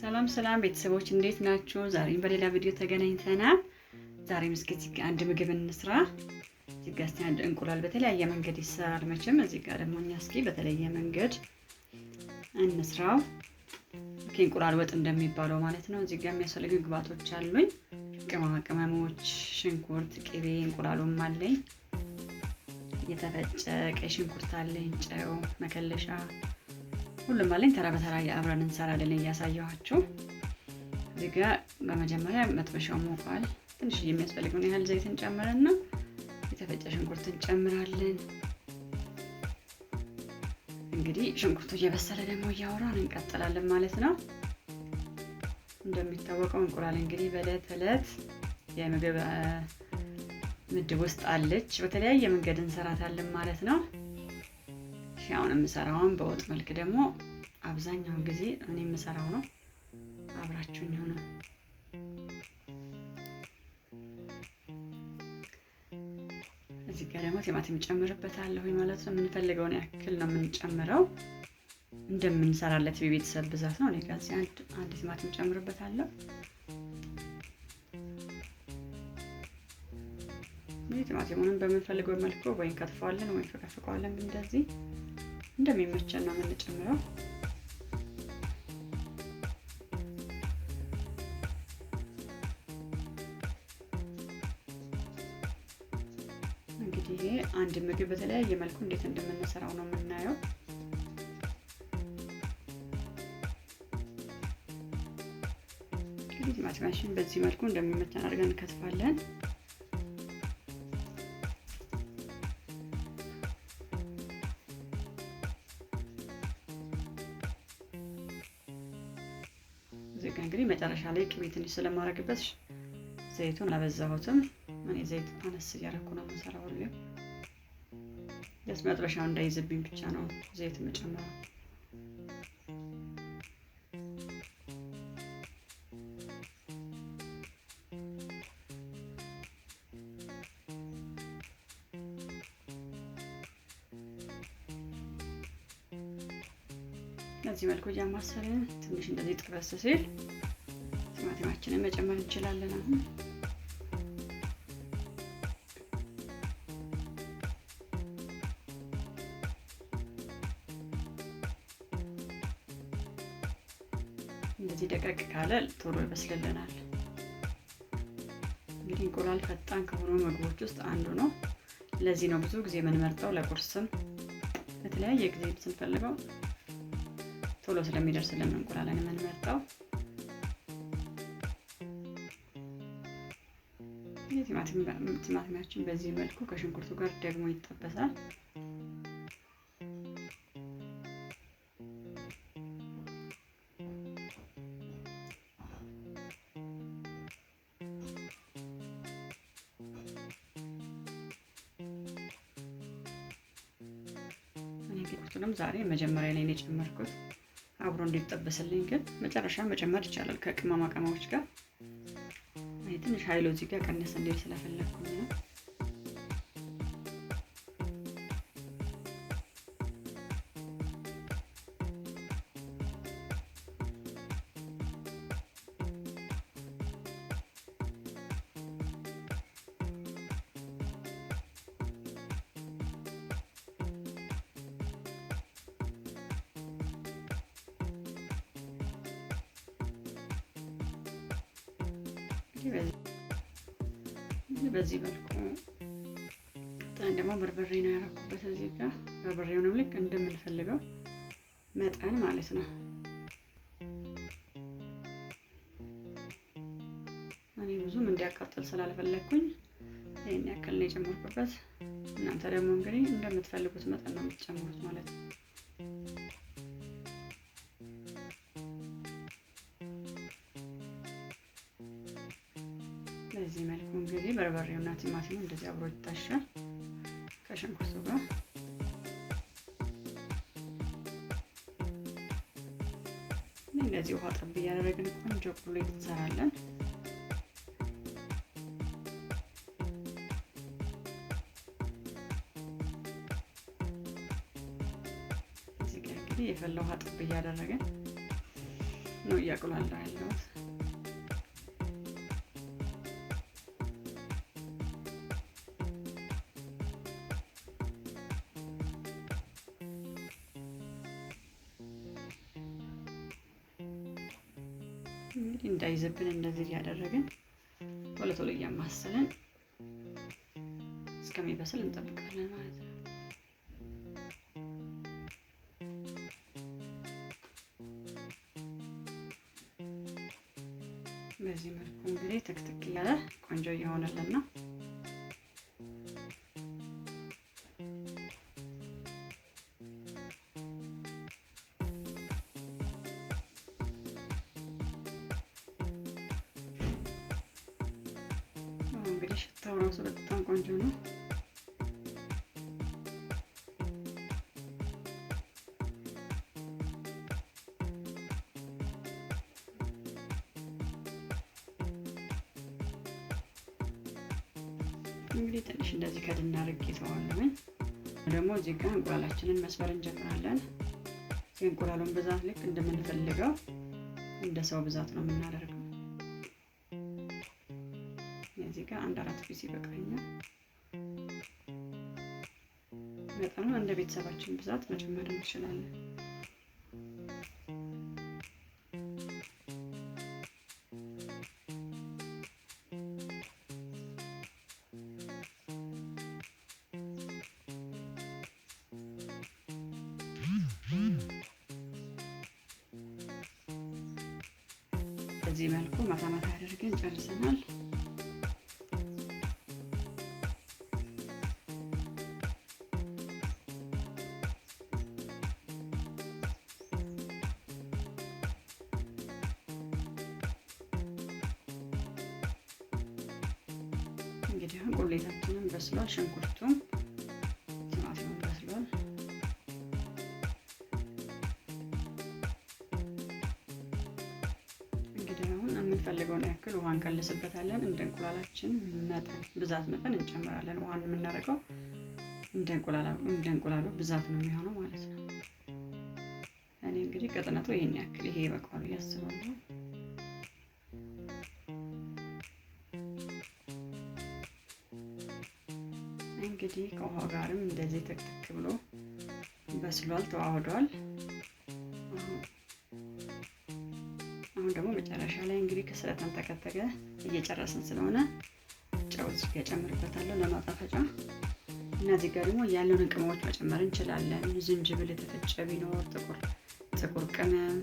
ሰላም ሰላም ቤተሰቦች እንዴት ናችሁ? ዛሬም በሌላ ቪዲዮ ተገናኝተናል። ዛሬም እስኪ እዚህ ጋር አንድ ምግብ እንስራ። እዚህ ጋር እስኪ አንድ እንቁላል በተለያየ መንገድ ይሰራል መቼም። እዚህ ጋር ደግሞ እኛ እስኪ በተለየ መንገድ እንስራው። እንቁላል ወጥ እንደሚባለው ማለት ነው። እዚህ ጋር የሚያስፈልግ ግብአቶች አሉኝ። ቅመማ ቅመሞች፣ ሽንኩርት፣ ቅቤ፣ እንቁላሉም አለኝ። የተፈጨ ቀይ ሽንኩርት አለኝ፣ ጨው፣ መከለሻ ሁሉም አለኝ። ተራ በተራ አብረን እንሰራለን እያሳየኋችሁ። እዚህ ጋ በመጀመሪያ መጥበሻው ሞቋል። ትንሽ የሚያስፈልገውን ያህል ዘይት እንጨምርና የተፈጨ ሽንኩርት እንጨምራለን። እንግዲህ ሽንኩርቱ እየበሰለ ደግሞ እያወራን እንቀጥላለን ማለት ነው። እንደሚታወቀው እንቁላል እንግዲህ በእለት እለት የምግብ ምድብ ውስጥ አለች። በተለያየ መንገድ እንሰራታለን ማለት ነው። እሺ አሁን የምሰራውን በወጥ መልክ ደግሞ አብዛኛውን ጊዜ እኔ የምሰራው ነው። አብራችሁኝ ሆነ እዚህ ጋር ደግሞ ቲማቲም ጨምርበታለሁ ማለት ነው። የምንፈልገውን ያክል ነው የምንጨምረው እንደምንሰራለት የቤተሰብ ብዛት ነው። እኔ ጋር አንድ አንድ ቲማቲም ጨምርበታለሁ። ቲማቲሙንም በምንፈልገው መልኩ ወይም ከትፈዋለን ወይም ፈቀፍቀዋለን እንደዚህ እንደሚመቸን ነው የምንጨምረው። እንግዲህ ይሄ አንድ ምግብ በተለያየ መልኩ እንዴት እንደምንሰራው ነው የምናየው። ማሽን በዚህ መልኩ እንደሚመተን አድርገን እንከትፋለን። ላይ ቅቤ ትንሽ ስለማረግበት ዘይቱን አበዛሁትም እኔ ዘይት አነስ እያደረኩ ነው የምሰራው። ደስ መጥበሻው እንዳይዝብኝ ብቻ ነው ዘይት የምጨምረው። በዚህ መልኩ እያማሰለ ትንሽ እንደዚህ ጥበስ ሲል ቲማቲማችንን መጨመር እንችላለን። አሁን እንደዚህ ደቀቅ ካለ ቶሎ ይበስልልናል። እንግዲህ እንቁላል ፈጣን ከሆኑ ምግቦች ውስጥ አንዱ ነው። ለዚህ ነው ብዙ ጊዜ የምንመርጠው፣ ለቁርስም በተለያየ ጊዜ ስንፈልገው ቶሎ ስለሚደርስልን እንቁላልን የምንመርጠው። ቲማቲማችን በዚህ መልኩ ከሽንኩርቱ ጋር ደግሞ ይጠበሳል። ሁለቱንም ዛሬ መጀመሪያ ላይ ነው የጨመርኩት አብሮ እንዲጠበስልኝ፣ ግን መጨረሻ መጨመር ይቻላል ከቅመማ ቅመሞች ጋር ትንሽ ሀይሎጂ ጋር ቀነስ እንዴት ስለፈለግኩኝ ነው በዚህ መልኩ በጣም ደግሞ በርበሬ ነው ያደረኩበት። እዚህ ጋር በርበሬውንም ልክ እንደምንፈልገው መጠን ማለት ነው። እኔ ብዙም እንዲያቃጥል ስላልፈለግኩኝ ይህን ያክል ነው የጨመርኩበት። እናንተ ደግሞ እንግዲህ እንደምትፈልጉት መጠን ነው የምትጨምሩት ማለት ነው። ቲማቲም እንደዚህ አብሮ ይታሻል ከሽንኩርቱ ጋር። እንደዚህ ውሃ ጠብ እያደረግን ቆንጆ ቁሌት እንሰራለን። እዚህ ጋር እንግዲህ የፈላ ውሃ ጠብ እያደረግን ነው እያቁላላ ያለሁት እንዳለብን እንደዚህ እያደረግን ቶሎ ቶሎ እያማሰልን እስከሚበስል እንጠብቃለን ማለት ነው። በዚህ መልኩ እንግዲህ ትክትክ እያለ ቆንጆ እየሆነልን ነው። ሽታው ራሱ በጣም ቆንጆ ነው። እንግዲህ ትንሽ እንደዚህ ከድና ርግ ይተዋለን። ደግሞ እዚህ ጋር እንቁላላችንን መስበር እንጀምራለን። እንቁላሉን ብዛት ልክ እንደምንፈልገው እንደ ሰው ብዛት ነው የምናደርገው። እዚህ ጋር አንድ አራት ፒስ ይበቃኛል። መጠኑ እንደ ቤተሰባችን ብዛት መጨመር እንችላለን። በዚህ መልኩ ማታ ማታ አድርገን ጨርሰናል። እንግዲህ ቁሌታችንን በስሏል። ሽንኩርቱም ቲማቲሙም በስሏል። እንግዲህ አሁን የምንፈልገውን ያክል ውሃ እንቀልስበታለን። እንደ እንቁላላችን መጠን ብዛት መጠን እንጨምራለን። ውሃን የምናደርገው እንደ እንቁላሉ ብዛት ነው የሚሆነው ማለት ነው። እኔ እንግዲህ ቅጥነቱ ይሄን ያክል ይሄ በቃሉ ያስባለሁ እንግዲህ ከውሃ ጋርም እንደዚህ ጥቅጥቅ ብሎ በስሏል፣ ተዋህዷል። አሁን ደግሞ መጨረሻ ላይ እንግዲህ ከስለታን ተከተገ እየጨረስን ስለሆነ ጨው እዚህ እጨምርበታለሁ ለማጣፈጫ እነዚህ ጋር ደግሞ ያለውን ቅመሞች መጨመር እንችላለን። ዝንጅብል የተፈጨ ቢኖር ጥቁር ጥቁር ቅመም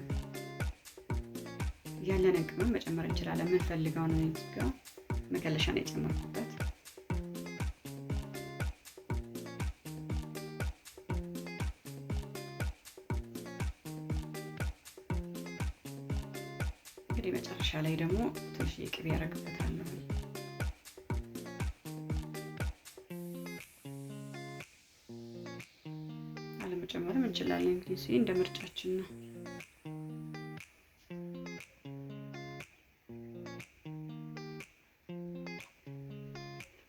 ያለንን ቅመም መጨመር እንችላለን። የምንፈልገውን ነው። እዚህ ጋር መከለሻ ነው የጨመርኩበት ላይ ደግሞ ትንሽ የቅቤ ያደርግበታለሁ። አለመጨመርም እንችላለን። እንግዲህ ይህ እንደ ምርጫችን ነው።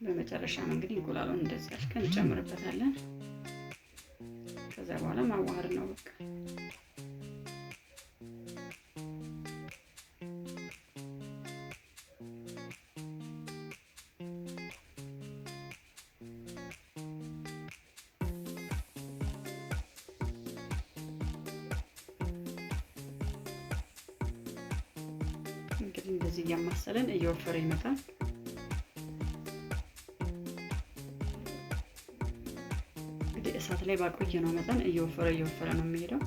በመጨረሻም እንግዲህ እንቁላሉን እንደዚህ አድርገን እንጨምርበታለን። ከዛ በኋላ ማዋሃድ ነው በቃ። እንደዚህ እያማሰለን እየወፈረ ይመጣል። እንግዲህ እሳት ላይ ባቆየ ነው መጠን እየወፈረ እየወፈረ ነው የሚሄደው።